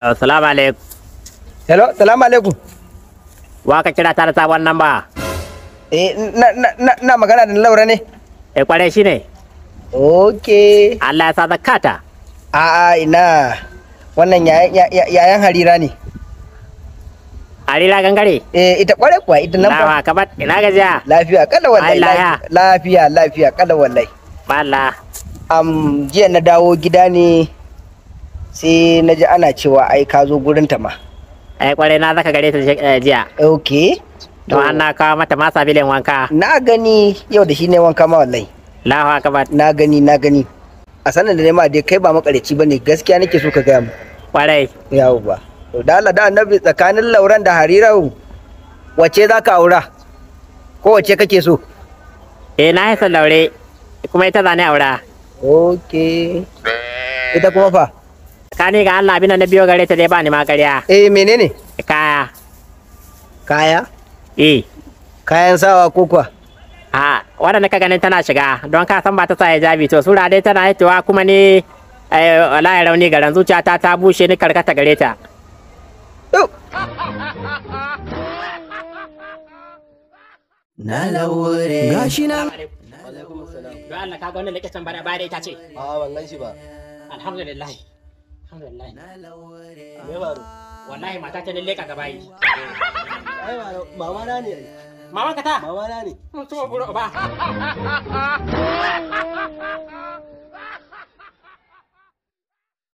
Salamu alaikum. Hello, salamu alaikum. Wa ka kira ta da sabon nan ba? Eh, na magana da Laura ne. Eh, kware shi ne. Okay. Allah ya sa zakata. A ina. Wannan yayan harira ne. Harira gangare? Eh, ita kware kuwa ita nan ba. kamar ina gajiya. Lafiya kala wallahi. Lafiya lafiya kala wallahi. Bala. Am jiya na dawo gida ne. sai na ji ana cewa ai ka zo gurin ta ma ai kwarai na zaka gare ta eh, jiya okay to an na kawo mata masa bilen wanka na gani yau da shi ne wanka ma wallahi lahu akbar na gani na gani a sanin da nema dai kai ba makareci bane gaskiya nake so ka gaya mu kwarai yawo ba to da Allah da annabi tsakanin lauran da harirau wace zaka aura ko wace kake so eh na haifa laure kuma ita zane aura okay ita kuma fa Kani ga Allah abin da na biyo gare ta dai ba ni ma eh menene kaya kaya eh kayan sawa ko kuwa a waɗanda ka ganin tana shiga don ka san ba ta sa hijabi to sura dai tana hitowa kuma ni eh, wallahi rauni garan zuciyata ta bushe ni karkata gare ta Na laure. Gashi na. Allah ka ga wannan likitan bara bare ta ce. A ah, wallahi ba. Alhamdulillah. Me baro. Wallahi mata ta lalle ka gaba yi. Ai baro, mama na ne. Mama ka ta? Mama na ne. ba.